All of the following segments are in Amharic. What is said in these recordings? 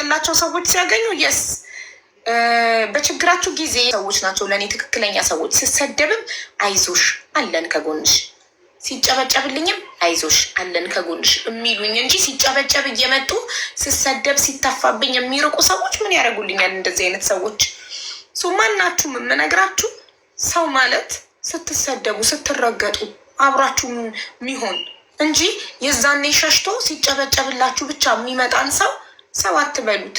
ቅላቸው ሰዎች ሲያገኙ የስ በችግራችሁ ጊዜ ሰዎች ናቸው ለእኔ ትክክለኛ ሰዎች። ስሰደብም አይዞሽ አለን ከጎንሽ፣ ሲጨበጨብልኝም አይዞሽ አለን ከጎንሽ የሚሉኝ እንጂ ሲጨበጨብ እየመጡ ስሰደብ ሲተፋብኝ የሚርቁ ሰዎች ምን ያደርጉልኛል? እንደዚህ አይነት ሰዎች ሶ ማናችሁም የምነግራችሁ ሰው ማለት ስትሰደቡ ስትረገጡ አብራችሁ የሚሆን እንጂ የዛኔ ሸሽቶ ሲጨበጨብላችሁ ብቻ የሚመጣን ሰው ሰው አትበሉት።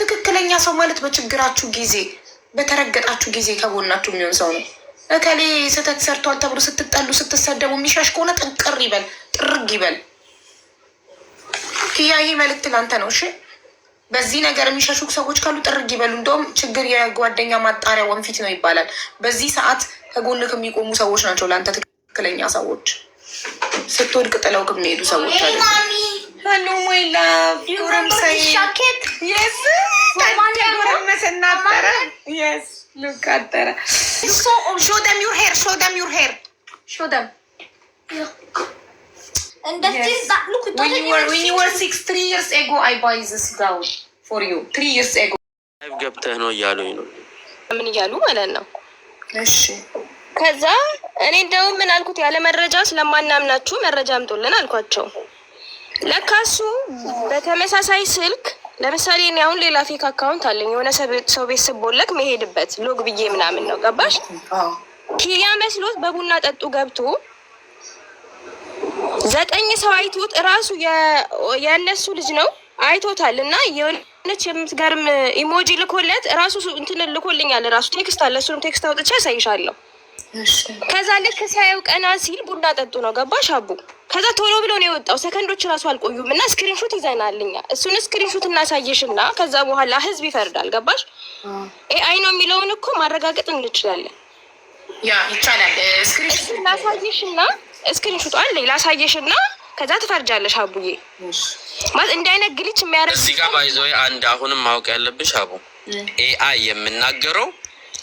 ትክክለኛ ሰው ማለት በችግራችሁ ጊዜ በተረገጣችሁ ጊዜ ከጎናችሁ የሚሆን ሰው ነው። እከሌ ስህተት ሰርቷል ተብሎ ስትጠሉ ስትሰደቡ የሚሻሽ ከሆነ ጥንቅር ይበል፣ ጥርግ ይበል። ክያ ይሄ መልእክት ላንተ ነው። እሺ፣ በዚህ ነገር የሚሻሹ ሰዎች ካሉ ጥርግ ይበሉ። እንደውም ችግር የጓደኛ ማጣሪያ ወንፊት ነው ይባላል። በዚህ ሰዓት ከጎንህ የሚቆሙ ሰዎች ናቸው ለአንተ ትክክለኛ ሰዎች። ስትወድቅ ጥለው ግን የሚሄዱ ሰዎች አሉ። ሄሎ ማይ ላቭ ጎረምሳዬ ጎረመሰ እናጠረ ሉክ አጠረ ሾ ደም ዩር ሄር ሾ ደም ዩር ሄር ሾ ደም ገብተህ ነው እያሉኝ ነው። ምን እያሉ ማለት ነው? እሺ ከዛ እኔ እንደውም ምን አልኩት፣ ያለ መረጃ ስለማናምናችሁ መረጃ አምጡልን አልኳቸው። ለካሱ በተመሳሳይ ስልክ ለምሳሌ እኔ አሁን ሌላ ፌክ አካውንት አለኝ የሆነ ሰው ቤት ስቦለክ መሄድበት ሎግ ብዬ ምናምን ነው ገባሽ? ኪያ መስሎት በቡና ጠጡ ገብቶ ዘጠኝ ሰው አይቶት እራሱ የእነሱ ልጅ ነው አይቶታል እና የሆነች የምትገርም ኢሞጂ ልኮለት እራሱ እንትን ልኮልኛል። እራሱ ቴክስት አለ። እሱንም ቴክስት አውጥቼ ያሳይሻለሁ። ከዛ ልክ ሲያየው ቀና ሲል ቡና ጠጡ ነው ገባሽ አቡ። ከዛ ቶሎ ብሎ ነው የወጣው። ሰከንዶች ራሱ አልቆዩም እና ስክሪንሾት ይዘናልኛ። እሱን ስክሪንሾት እናሳየሽና ከዛ በኋላ ህዝብ ይፈርዳል። ገባሽ ኤአይ ነው የሚለውን እኮ ማረጋገጥ እንችላለን። ያ ይቻላል። ስክሪንሾት ላሳየሽና ስክሪንሾት ላሳየሽና ከዛ ትፈርጃለሽ አቡዬ። ማለት እንዲህ አይነት ግልች የሚያደርግ እዚህ ጋር ባይዘ አንድ አሁንም ማወቅ ያለብሽ አቡ ኤአይ የምናገረው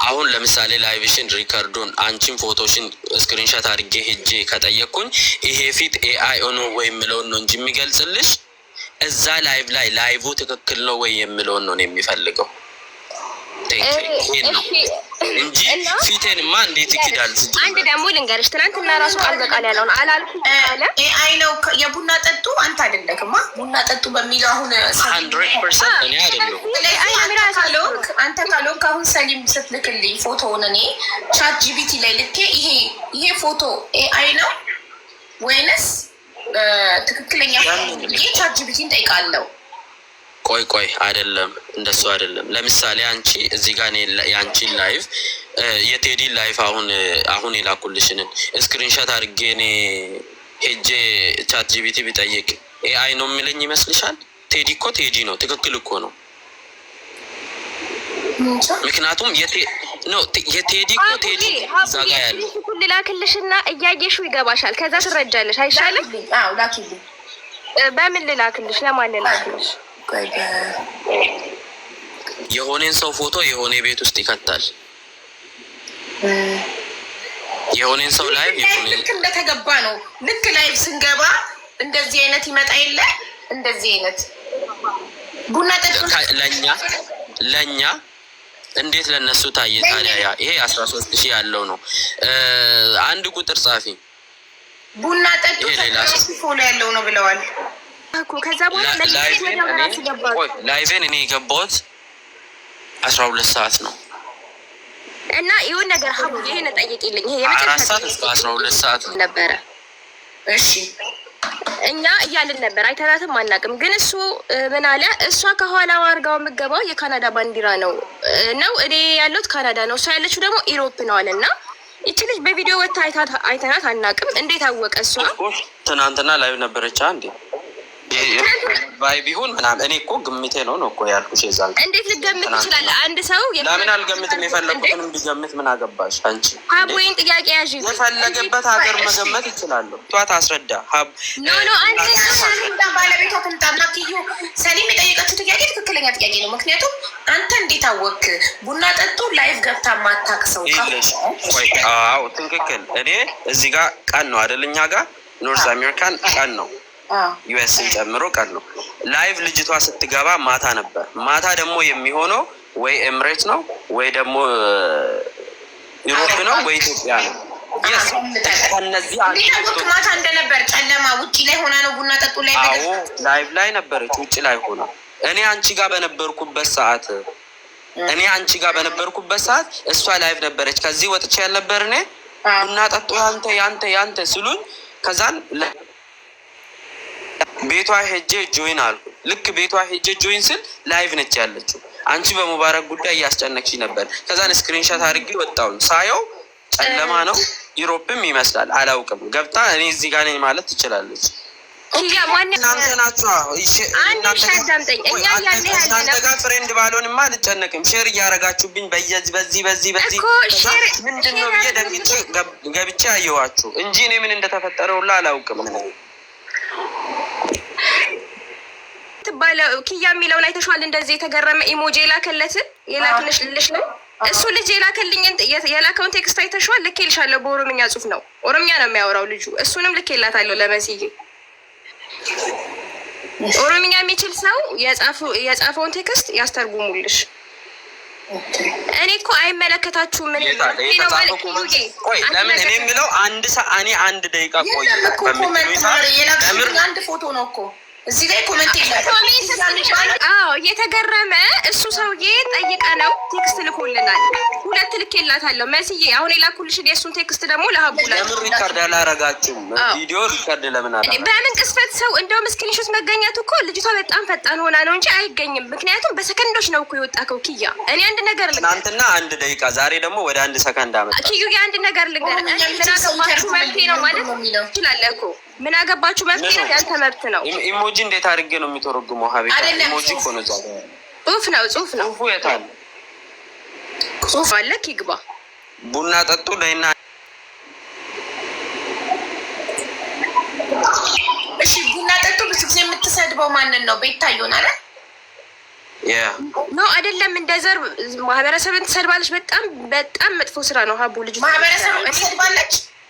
አሁን ለምሳሌ ላይቭሽን ሪከርዱን አንቺን ፎቶሽን ስክሪንሻት አድርጌ ሄጄ ከጠየቅኩኝ ይሄ ፊት ኤአይ ሆኖ ወይ የምለውን ነው እንጂ የሚገልጽልሽ እዛ ላይቭ ላይ ላይቭ ትክክል ነው ወይ የምለውን ነው የሚፈልገው። እንጂ ፊቴንማ እንዴት ይክዳል? አንድ ደግሞ ልንገርሽ፣ ትናንትና ራሱ ቃል በቃል ያለውን አላልኩም የቡና ጠጡ አንተ አይደለክማ። ቡና ጠጡ በሚለው አሁን አንተ ሰሊም ስትልክልኝ ፎቶውን እኔ ቻት ጂቢቲ ላይ ልኬ ይሄ ይሄ ፎቶ ኤአይ ነው ወይንስ ትክክለኛ ቻት ጂቢቲን ጠይቃለው ቆይ ቆይ፣ አይደለም እንደሱ አይደለም። ለምሳሌ አንቺ እዚህ ጋር የአንቺን ላይቭ የቴዲ ላይቭ አሁን አሁን የላኩልሽንን ስክሪንሻት አድርጌ እኔ ሄጄ ቻት ጂቢቲ ቢጠይቅ ኤአይ ነው የሚለኝ ይመስልሻል? ቴዲ እኮ ቴዲ ነው። ትክክል እኮ ነው። ምክንያቱም የቴዲ እኮ ቴዲ እዛ ያለ ላክልሽና እያየሽው ይገባሻል። ከዛ ትረጃለሽ አይሻልም? በምን ልላክልሽ? ለማን ልላክልሽ? የሆነን ሰው ፎቶ የሆነ ቤት ውስጥ ይከታል። የሆነን ሰው ላይ ልክ እንደተገባ ነው። ልክ ላይቭ ስንገባ እንደዚህ አይነት ይመጣ የለ እንደዚህ አይነት ቡና ለእኛ ለእኛ እንዴት ለነሱ ታየ ታዲያ? ያ ይሄ አስራ ሶስት ሺህ ያለው ነው። አንድ ቁጥር ጻፊ ቡና ጠጡ ፎሎ ያለው ነው ብለዋል። ላይቬን እኔ የገባሁት አስራ ሁለት ሰዓት ነው እና ይሁን ነገር ሀቡ ይሄን ጠይቂልኝ። ይሄ አራት ሰዓት እስከ አስራ ሁለት ሰዓት ነበረ። እሺ እኛ እያልን ነበር፣ አይተናትም አናውቅም። ግን እሱ ምን አለ፣ እሷ ከኋላ አድርጋው የምገባው የካናዳ ባንዲራ ነው ነው እኔ ያለሁት ካናዳ ነው፣ እሷ ያለችው ደግሞ ኢሮፕ ነው አለ እና ይቺ ልጅ በቪዲዮ ወታ አይተናት አናውቅም። እንዴት አወቀ? እሷ ትናንትና ላይ ነበረች እንዴ ባይ ቢሆን ምናምን እኔ እኮ ግምቴ ነው ነው እኮ ያልኩሽ። የዛን እንዴት ልገምት ይችላል? አንድ ሰው ለምን አልገምትም? የፈለጉትንም ቢገምት ምን አገባሽ አንቺ? ሀቦይን ጥያቄ ያዥ የፈለገበት ሀገር መገመት ይችላለሁ። ቷት አስረዳ ሀብ ኖ ኖ አንድ ባለቤቷ ትምጣና ትዩ ሰሊም የጠየቀችው ጥያቄ ትክክለኛ ጥያቄ ነው። ምክንያቱም አንተ እንዴት አወክ? ቡና ጠጡ ላይፍ ገብታ ማታክሰው ትክክል። እኔ እዚህ ጋር ቀን ነው አደለኛ ጋር ኖርዝ አሜሪካን ቀን ነው ዩኤስን ጨምሮ ቀን ነው። ላይቭ ልጅቷ ስትገባ ማታ ነበር። ማታ ደግሞ የሚሆነው ወይ ኤምሬት ነው ወይ ደግሞ ዩሮፕ ነው ወይ ኢትዮጵያ ነው። ላይ ላይ ላይቭ ላይ ነበረች። ውጭ ላይ ሆና እኔ አንቺ ጋር በነበርኩበት ሰዓት እኔ አንቺ ጋር በነበርኩበት ሰዓት እሷ ላይቭ ነበረች። ከዚህ ወጥቼ ያልነበር እኔ ቡና ጠጡ ያንተ ያንተ ያንተ ስሉኝ ከዛን ቤቷ ሄጄ ጆይን አሉ። ልክ ቤቷ ሄጄ ጆይን ስል ላይቭ ነች ያለችው። አንቺ በሙባረክ ጉዳይ እያስጨነቅሽ ነበር። ከዛን ስክሪንሻት አድርጌ ወጣውን ሳየው ጨለማ ነው፣ ዩሮፕም ይመስላል አላውቅም። ገብታ እኔ እዚህ ጋር ነኝ ማለት ትችላለች። እናንተ ጋር ፍሬንድ ባልሆንማ አልጨነቅም። ሼር እያደረጋችሁብኝ በዚህ በዚህ በዚህ በዚህ ምንድን ነው ብዬ ደግ ገብቼ አየኋችሁ እንጂ እኔ ምን እንደተፈጠረ ሁላ አላውቅም። የምትባለው ኪያ የሚለውን አይተሽዋል? እንደዚህ የተገረመ ኢሞጂ የላከለትን የላክልሽ ነው እሱ ልጅ የላከልኝ የላከውን ቴክስት አይተሸዋል? ልክ ይልሻለሁ። በኦሮምኛ ጽሁፍ ነው። ኦሮምኛ ነው የሚያወራው ልጁ። እሱንም ልክ ልኬላታለሁ ለመስዬ። ኦሮምኛ የሚችል ሰው የጻፈውን ቴክስት ያስተርጉሙልሽ። እኔ እኮ አይመለከታችሁም። ምን ለምን እኔ የምለው አንድ ሰ እኔ አንድ ደቂቃ ቆይ። አንድ ፎቶ ነው እኮ እዚህ ላይ ኮመንት የተገረመ እሱ ሰውዬ ጠይቀ ነው ቴክስት ልኮልናል። ሁለት ልክ የላታለሁ መስዬ አሁን የላኩልሽን የእሱን ቴክስት ደግሞ ለሀቡላ ሪካርድ አላረጋችሁም? ቪዲዮ ሪካርድ ለምን አላ በምን ቅስፈት ሰው እንደውም ስክሪንሾት መገኘቱ እኮ ልጅቷ በጣም ፈጣን ሆና ነው እንጂ አይገኝም። ምክንያቱም በሰከንዶች ነው እኮ የወጣከው ኪያ። እኔ አንድ ነገር ልንገርህ፣ ትናንትና አንድ ደቂቃ፣ ዛሬ ደግሞ ወደ አንድ ሰከንድ አመጣ ኪዩ። አንድ ነገር ልንገርህ፣ ምናገባችሁ መብቴ ነው ማለት ይችላለ እኮ ምን አገባችሁ? መፍትሄ ነው፣ ያንተ መብት ነው። ኢሞጂ እንዴት አድርጌ ነው የሚተረጉመው? ሀቢ ኢሞጂ እኮ ነው፣ ዛ ጽሁፍ ነው፣ ጽሁፍ ነው። ጽሁፉ የት አለ? ጽሁፍ አለ፣ ይግባ። ቡና ጠጡ ላይና እሺ፣ ቡና ጠጡ። ብዙ ጊዜ የምትሰድበው ማንን ነው? ቤት ታየሆን አለ ኖ አይደለም፣ እንደ ዘር ማህበረሰብን ትሰድባለች። በጣም በጣም መጥፎ ስራ ነው። ሀቡ ልጅ ማህበረሰብ ትሰድባለች።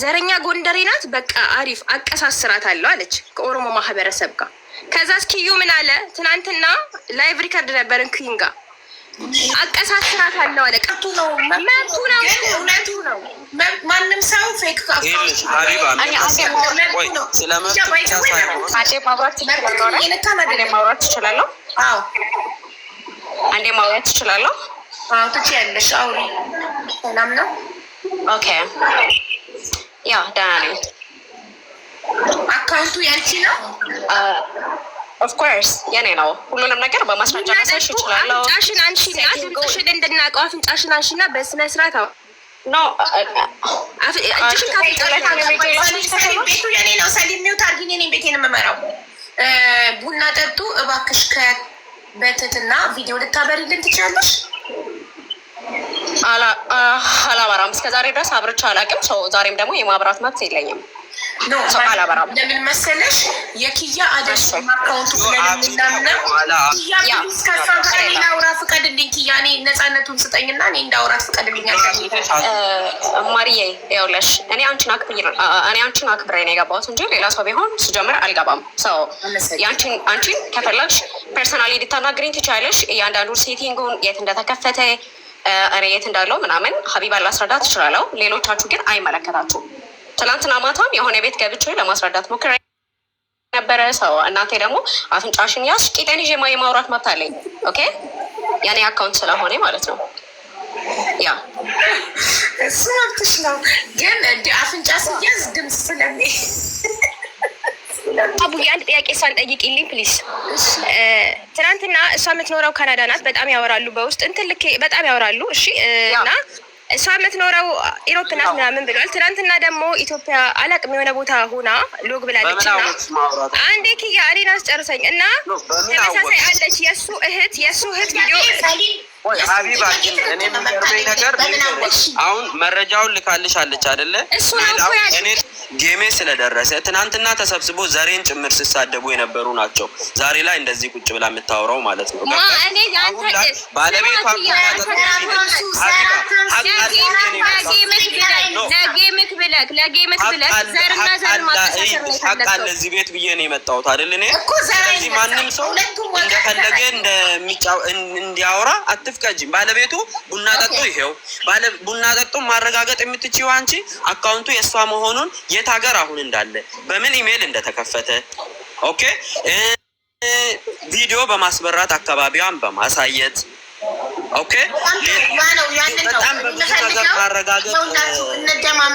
ዘረኛ ጎንደሬ ናት፣ በቃ አሪፍ አቀሳስራት አለው አለች ከኦሮሞ ማህበረሰብ ጋር። ከዛ እስኪዩ ምን አለ ትናንትና ላይቭ ሪከርድ ነበርን ክዊን ጋር አቀሳስራት አለው አለ። ቀቱ ነው መብቱ ነው እውነቱ ነው። ማንም ሰው ፌክ ማውራት ትችላለሁ። አንዴ ማውራት ትችላለሁ። ትችያለሽ። አውሪ። ሰላም ነው። ኦኬ ያው ደህና ነኝ። አካውንቱ ያንቺ ነው? ኦፍኮርስ የኔ ነው። ሁሉንም ነገር በማስረጃ መሰሽ ይችላል። አፍንጫሽን አንሺና አፍንጫሽን እንድናውቀው አፍንጫሽን አንሺና በስነ ስርዓት ኖ እጅሽን ካፍንጫሽቤቱ የኔ ነው። ሰሊሚውት አርጊኝ። እኔ ቤቴን የምመራው ቡና ጠጡ እባክሽ። ከበትትና ቪዲዮ ልታበሪልን ትችላለሽ? እስከዛሬ ድረስ አብርቻ አላውቅም። ሰው ዛሬም ደግሞ የማብራት መብት የለኝም። ለምን መሰለሽ የኪያ አደሽ አካውንቱ ስለምናምናምናያ አውራ ፍቀድልኝ ኪያ፣ እኔ ነፃነቱን ስጠኝና እኔ እንዳውራ ፍቀድልኝ። ማርዬ ይኸውልሽ፣ እኔ አንቺን አንቺን አክብሬ ነው የገባሁት እንጂ ሌላ ሰው ቢሆን ስጀምር አልገባም። ሰው አንቺን ከፈለግሽ ፐርሰናሊ ልታናግሪኝ ትችያለሽ። እያንዳንዱ ሴቲንጉን የት እንደተከፈተ እኔ የት እንዳለው ምናምን ሀቢባ ላስረዳት እችላለሁ። ሌሎቻችሁ ግን አይመለከታችሁም። ትናንትና ማታም የሆነ ቤት ገብቼ ለማስረዳት ሞክሬ ነበረ። ሰው እናቴ ደግሞ አፍንጫሽን ያዝ፣ ቂጤን ይዤ የማውራት መብት አለኝ። ኦኬ ያኔ አካውንት ስለሆነ ማለት ነው። ያ እሱ መብትሽ ነው፣ ግን አፍንጫ ስያዝ ድምፅ ስለሚ አቡዬ አንድ ጥያቄ እሷን ጠይቂልኝ ፕሊስ። ትናንትና እሷ የምትኖረው ካናዳ ናት። በጣም ያወራሉ በውስጥ እንትን ልኬ በጣም ያወራሉ። እሺ እና እሷ የምትኖረው ኢሮፕ ናት ምናምን ብሏል። ትናንትና ደግሞ ኢትዮጵያ አላቅም የሆነ ቦታ ሁና ሎግ ብላለች። ና አንዴ ክያ እኔን አስጨርሰኝ እና ተመሳሳይ አለች የእሱ እህት የእሱ እህት ቪዲዮ ሀቢባችን እኔ የሚገርመኝ ነገር አሁን መረጃውን ልካልሽ አለች አደለ እሱ ነው እኮ ጌሜ ስለደረሰ ትናንትና ተሰብስቦ ዛሬን ጭምር ሲሳደቡ የነበሩ ናቸው። ዛሬ ላይ እንደዚህ ቁጭ ብላ የምታወራው ማለት ነው። ባለቤቷ ለዚህ ቤት ብዬ ነው የመጣሁት አይደል? እኔ ስለዚህ ማንም ሰው እንደፈለገ እንዲያወራ አትፍቀጂ። ባለቤቱ ቡና ጠጡ፣ ይሄው ቡና ጠጡ። ማረጋገጥ የምትችይው አንቺ አካውንቱ የእሷ መሆኑን የት ሀገር አሁን እንዳለ በምን ኢሜይል እንደተከፈተ ኦኬ ቪዲዮ በማስበራት አካባቢዋን በማሳየት ኦኬ በጣም በብዙ ነገር ማረጋገጥ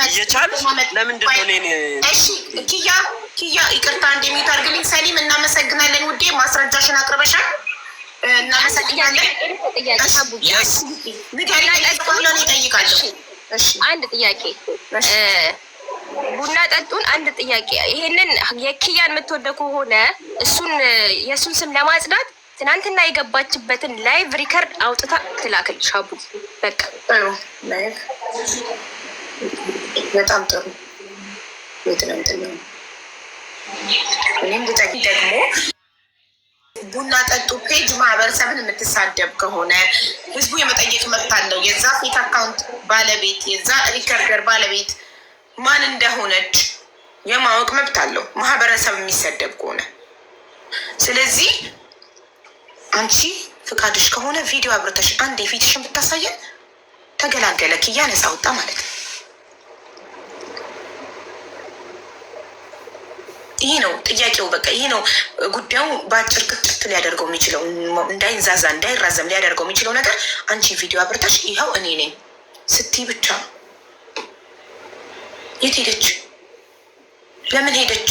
እየቻል ለምንድን ነው እኔን? እሺ ኪያ ኪያ ይቅርታ እንደሚዩት አድርግልኝ። ሰሊም እናመሰግናለን ውዴ፣ ማስረጃሽን አቅርበሻል። እናመሰግናለን። ጥያቄ ጠይቃለሁ። አንድ ጥያቄ ቡና ጠጡን። አንድ ጥያቄ ይሄንን የኪያን የምትወደ ከሆነ እሱን የእሱን ስም ለማጽዳት ትናንትና የገባችበትን ላይቭ ሪከርድ አውጥታ ትላክል። ሻቡ በቃ በጣም ጥሩ የትናንትና እኔም ደግሞ ቡና ጠጡ ፔጅ ማህበረሰብን የምትሳደብ ከሆነ ህዝቡ የመጠየቅ መብት አለው። የዛ ፌክ አካውንት ባለቤት የዛ ሪከርደር ባለቤት ማን እንደሆነች የማወቅ መብት አለው ማህበረሰብ የሚሰደብ ከሆነ። ስለዚህ አንቺ ፍቃድሽ ከሆነ ቪዲዮ አብርተሽ አንድ የፊትሽን ብታሳየን ተገላገለ፣ ክያ ነፃ ወጣ ማለት ነው። ይሄ ነው ጥያቄው። በቃ ይህ ነው ጉዳዩ በአጭር ቅጥት ሊያደርገው የሚችለው እንዳይንዛዛ እንዳይራዘም ሊያደርገው የሚችለው ነገር አንቺ ቪዲዮ አብርተሽ ይኸው እኔ ነኝ ስቲ ብቻ የት ሄደች? ለምን ሄደች?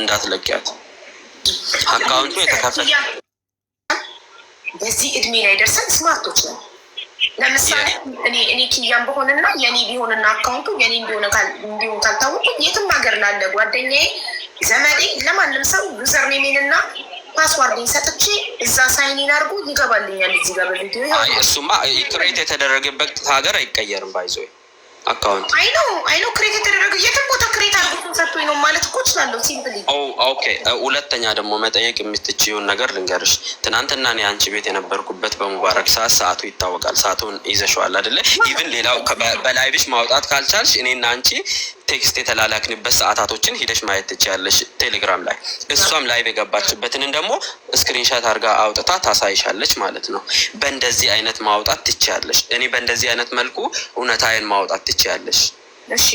እንዳትለቅያት አካውንቱ የተከፈተ በዚህ እድሜ ላይ ደርሰን ስማርቶች ነው። ለምሳሌ እኔ ኪያን በሆንና የኔ ቢሆንና አካውንቱ የኔ እንዲሆን ካልታወቁ የትም ሀገር ላለ ጓደኛዬ፣ ዘመዴ ለማንም ሰው ዩዘር ኔሜንና ፓስዋርድን ሰጥቼ እዛ ሳይኒን አድርጎ ይገባልኛል። እዚህ ጋር በቪዲዮ እሱማ ክሬት የተደረገበት ሀገር አይቀየርም ባይዞ አካውንት አይ ነው አይ ነው ክሬት የተደረገ የትም ቦታ ክሬት አድርጎ ሰጥቶኝ ነው ማለት እኮ እችላለሁ። ሲምፕሊ ኦኬ። ሁለተኛ ደግሞ መጠየቅ የምትችይውን ነገር ልንገርሽ። ትናንትና እኔ አንቺ ቤት የነበርኩበት በሙባረክ ሰዓት ሰዓቱ ይታወቃል። ሰዓቱን ይዘሽዋል አደለ? ኢቭን ሌላው በላይቭሽ ማውጣት ካልቻልሽ እኔና አንቺ ቴክስት የተላላክንበት ሰዓታቶችን ሂደሽ ማየት ትችያለሽ ቴሌግራም ላይ። እሷም ላይቭ የገባችበትንን ደግሞ ስክሪንሻት አርጋ አውጥታ ታሳይሻለች ማለት ነው። በእንደዚህ አይነት ማውጣት ትችያለሽ። እኔ በእንደዚህ አይነት መልኩ እውነታዬን ማውጣት ትችያለሽ። እሺ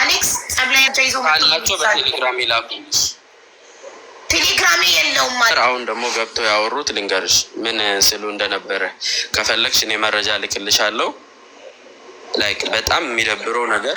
አሌክስ ካላቸው በቴሌግራም ቴሌግራሜ የለውም ማለት አሁን ደግሞ ገብቶ ያወሩት ልንገርሽ ምን ስሉ እንደነበረ ከፈለግሽ እኔ መረጃ ልክልሻለሁ። ላይክ በጣም የሚደብረው ነገር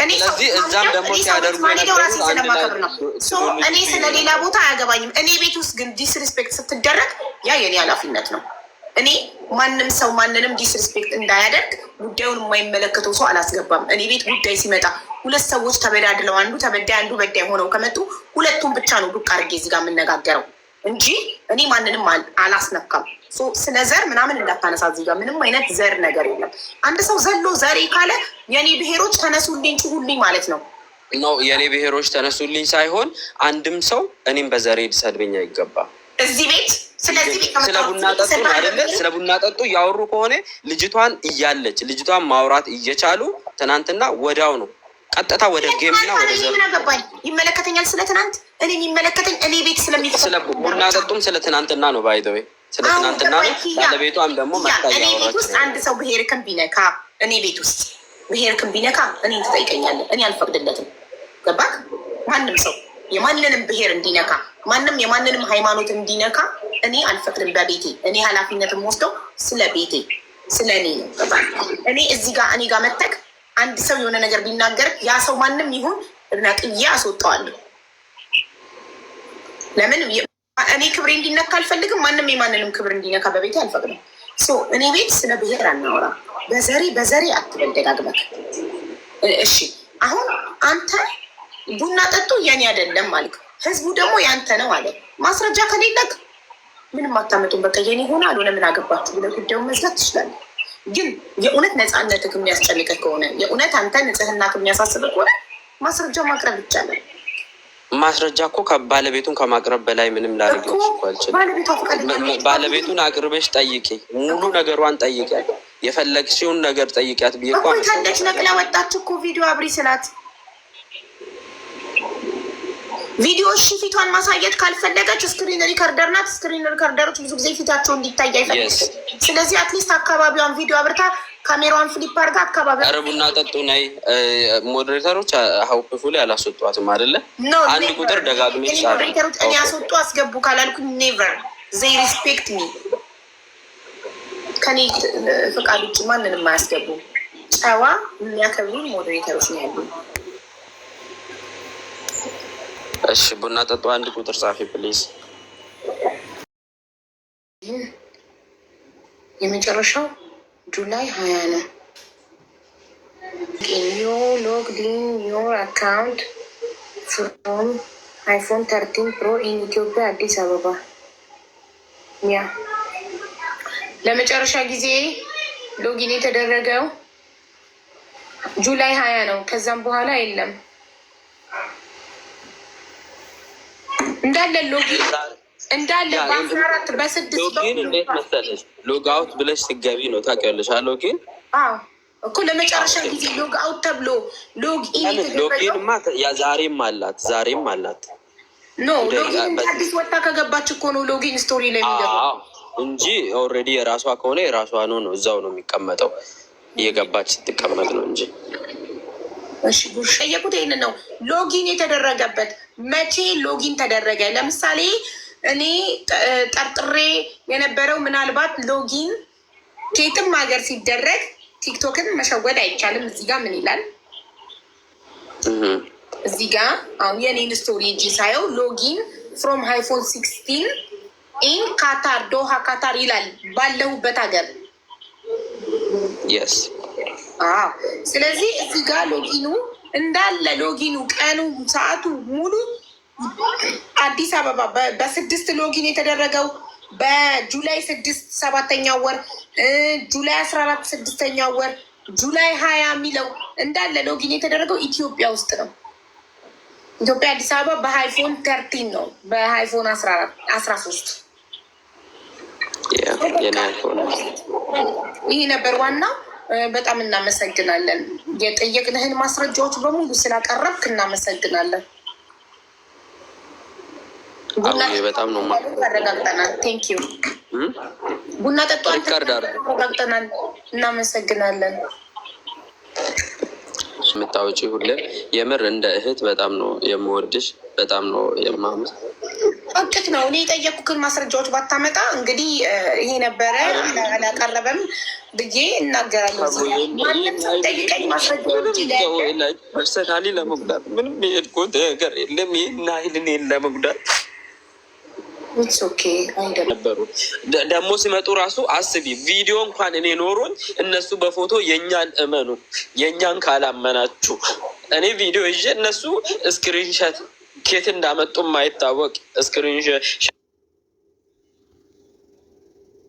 ስለዚህ እኔ ስለሌላ ቦታ አያገባኝም። እኔ ቤት ውስጥ ግን ዲስሪስፔክት ስትደረግ ያ የኔ ኃላፊነት ነው። እኔ ማንም ሰው ማንንም ዲስሪስፔክት እንዳያደርግ ጉዳዩን የማይመለከተው ሰው አላስገባም። እኔ ቤት ጉዳይ ሲመጣ ሁለት ሰዎች ተበዳድለው አንዱ ተበዳይ አንዱ በዳይ ሆነው ከመጡ ሁለቱም ብቻ ነው ዱቅ አድርጌ እዚህ ጋር የምነጋገረው። እንጂ እኔ ማንንም አላስነካም። ስለ ዘር ምናምን እንዳታነሳ እዚህ ምንም አይነት ዘር ነገር የለም። አንድ ሰው ዘሎ ዘሬ ካለ የኔ ብሔሮች ተነሱልኝ፣ ጩሁልኝ ማለት ነው። ነው የእኔ ብሔሮች ተነሱልኝ ሳይሆን አንድም ሰው እኔም በዘሬ ሊሰድበኝ አይገባም እዚህ ቤት። ስለዚህ ስለ ቡና ጠጡ እያወሩ ከሆነ ልጅቷን እያለች ልጅቷን ማውራት እየቻሉ ትናንትና ወዲያው ነው ቀጥታ ወደ ጌም እና ወደ ዘር ይመለከተኛል። ስለ ትናንት እኔ የሚመለከተኝ እኔ ቤት ስለሚፈ ስለ ቡና ጠጡም ስለ ትናንትና ነው። ባይ ባይዘዌ ስለ ትናንትና ነው። ባለቤቷም ደግሞ እኔ ቤት ውስጥ አንድ ሰው ብሄር ብሄርክን ቢነካ እኔ ቤት ውስጥ ብሄርክን ቢነካ እኔን ትጠይቀኛለህ። እኔ አልፈቅድለትም። ገባክ? ማንም ሰው የማንንም ብሄር እንዲነካ ማንም የማንንም ሃይማኖት እንዲነካ እኔ አልፈቅድም። በቤቴ እኔ ኃላፊነትም ወስደው ስለ ቤቴ ስለ እኔ ነው። እኔ እዚህ ጋር እኔ ጋር መጠቅ አንድ ሰው የሆነ ነገር ቢናገር ያ ሰው ማንም ይሁን ነቅዬ አስወጣዋለሁ። ለምን እኔ ክብሬ እንዲነካ አልፈልግም። ማንም የማንንም ክብር እንዲነካ በቤት አልፈቅድም። እኔ ቤት ስለ ብሔር አናወራ። በዘሬ በዘሬ አትበል ደጋግመህ። እሺ አሁን አንተ ቡና ጠጡ የኔ አይደለም ማለት ህዝቡ ደግሞ ያንተ ነው አለ። ማስረጃ ከሌለህ ምንም አታመጡም። በቃ የኔ ሆነ አልሆነ ምን አገባችሁ ብለህ ጉዳዩን መዝጋት ትችላለህ። ግን የእውነት ነፃነት የሚያስጨንቅ ከሆነ የእውነት አንተ ንጽህና የሚያሳስብህ ከሆነ ማስረጃ ማቅረብ ይቻላል። ማስረጃ እኮ ባለቤቱን ከማቅረብ በላይ ምንም ላደርግ ባለቤቱን አቅርበሽ ጠይቂ፣ ሙሉ ነገሯን ጠይቂያት፣ የፈለግሽውን ነገር ጠይቂያት ብዬ እኮ ነቅላ ወጣች እኮ ቪዲዮ አብሪ ስላት ቪዲዮ እሺ፣ ፊቷን ማሳየት ካልፈለገች ስክሪን ሪከርደር ናት። ስክሪን ሪከርደሮች ብዙ ጊዜ ፊታቸው እንዲታይ አይፈልግም። ስለዚህ አትሊስት አካባቢዋን ቪዲዮ አብርታ ካሜራዋን ፍሊፕ አድርጋ አካባቢ ረቡና ጠጡ ናይ ሞዴሬተሮች ሀውፕፉ ላይ አላስወጧትም አደለ አንድ ቁጥር ደጋግሜ ሞዴሬተሮች እኔ አስወጡ አስገቡ ካላልኩኝ ኔቨር ዘይ ሪስፔክት ሚ ከኔ ፍቃድ ውጭ ማንንም አያስገቡ። ጨዋ የሚያከብሩ ሞዴሬተሮች ነው ያሉ እሺ ቡና ጠጡ። አንድ ቁጥር ጻፊ ፕሊዝ። የመጨረሻው ጁላይ ሀያ ነው። ዩ ሎግድ ኢን ዮር አካውንት ፍሮም አይፎን ተርቲን ፕሮ ኢን ኢትዮጵያ አዲስ አበባ። ያ ለመጨረሻ ጊዜ ሎጊን የተደረገው ጁላይ ሀያ ነው። ከዛም በኋላ የለም። እንዳለ ሎጊን እንዳለ በአምሳ አራት በስድስት ሎጊን እንዴት መሰለሽ ሎግ አውት ብለሽ ስገቢ ነው ታውቂያለሽ። ሎጊን እኮ ለመጨረሻ ጊዜ ሎግ አውት ተብሎ ሎግ ኢን ሎጊንማ ዛሬም አላት ዛሬም አላት። ኖ ሎጊን አዲስ ወጣ ከገባች እኮ ነው ሎግን ስቶሪ ላይ የሚገባው እንጂ ኦልሬዲ የራሷ ከሆነ የራሷ ነው ነው እዛው ነው የሚቀመጠው እየገባች ስትቀመጥ ነው እንጂ። እሺ ጉድ ጠየቁት። ይህን ነው ሎጊን የተደረገበት መቼ ሎጊን ተደረገ? ለምሳሌ እኔ ጠርጥሬ የነበረው ምናልባት ሎጊን ከየትም ሀገር ሲደረግ ቲክቶክን መሸወድ አይቻልም። እዚህ ጋ ምን ይላል? እዚህ ጋ አሁን የኔን ስቶሬጅ ሳየው ሎጊን ፍሮም አይፎን ሲክስቲን ኢን ካታር ዶሃ ካታር ይላል ባለሁበት ሀገር ስለዚህ እዚህ ጋር ሎጊኑ እንዳለ ሎጊኑ ቀኑ ሰዓቱ ሙሉ አዲስ አበባ በስድስት ሎጊን የተደረገው በጁላይ ስድስት ሰባተኛው ወር ጁላይ አስራ አራት ስድስተኛው ወር ጁላይ ሀያ የሚለው እንዳለ ሎጊን የተደረገው ኢትዮጵያ ውስጥ ነው። ኢትዮጵያ አዲስ አበባ በሃይፎን ተርቲን ነው በሃይፎን አስራ ሶስት ይሄ ነበር ዋናው። በጣም እናመሰግናለን። የጠየቅንህን ማስረጃዎች በሙሉ ስላቀረብክ እናመሰግናለን። በጣም ነው አረጋግጠናል። ቴንክ ዩ ቡና ጠጧል፣ አረጋግጠናል። እናመሰግናለን። የምታወጪ ሁሌም የምር እንደ እህት በጣም ነው የምወድሽ፣ በጣም ነው የማምር እቅት ነው። እኔ የጠየኩትን ማስረጃዎች ባታመጣ እንግዲህ ይሄ ነበረ አላቀረበም ብዬ እናገራለሁ። ማንም ጠይቀኝ ማስረጃዎች ፐርሰናሊ ለመጉዳት ምንም ሄድኩት ነገር የለም። ይህን ያህል ለመጉዳት ነበሩ ደግሞ ሲመጡ ራሱ አስቢ ቪዲዮ እንኳን እኔ ኖሮኝ እነሱ በፎቶ የእኛን እመኑ የእኛን ካላመናችሁ እኔ ቪዲዮ ይዤ እነሱ ስክሪንሸት ኬት እንዳመጡ ማይታወቅ ስክሪንሸት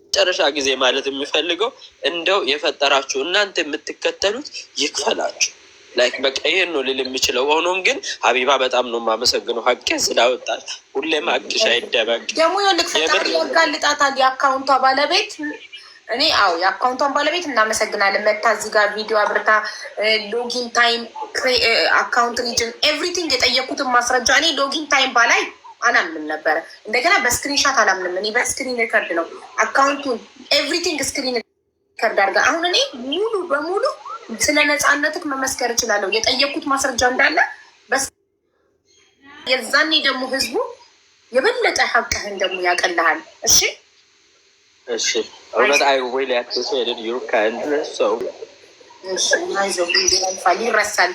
መጨረሻ ጊዜ ማለት የሚፈልገው እንደው የፈጠራችሁ እናንተ የምትከተሉት ይክፈላችሁ። ላይክ በቃ ይሄን ነው ልል የምችለው። ሆኖም ግን ሀቢባ በጣም ነው የማመሰግነው ሀቄን ስላወጣት። ሁሌም ሀቅሽ አይደበቅ። ደግሞ የልክ ፈጣሪ ያጋልጣታል። የአካውንቷ ባለቤት እኔ አዎ የአካውንቷን ባለቤት እናመሰግናለን። መታ እዚህ ጋር ቪዲዮ አብርታ ሎጊን ታይም፣ አካውንት ሪጅን፣ ኤቭሪቲንግ የጠየኩትን ማስረጃ እኔ ሎጊን ታይም ባላይ አላምንም ነበረ። እንደገና በስክሪንሻት አላምንም እኔ በስክሪን ሪከርድ ነው አካውንቱን ኤቭሪቲንግ ስክሪን ሪከርድ አድርጋ አሁን እኔ ሙሉ በሙሉ ስለ ነፃነትክ መመስከር እችላለሁ። የጠየቅኩት ማስረጃ እንዳለ የዛኔ ደግሞ ህዝቡ የበለጠ ሀቅህን ደግሞ ያቀልሃል። እሺ እሺ። እውነት ይረሳል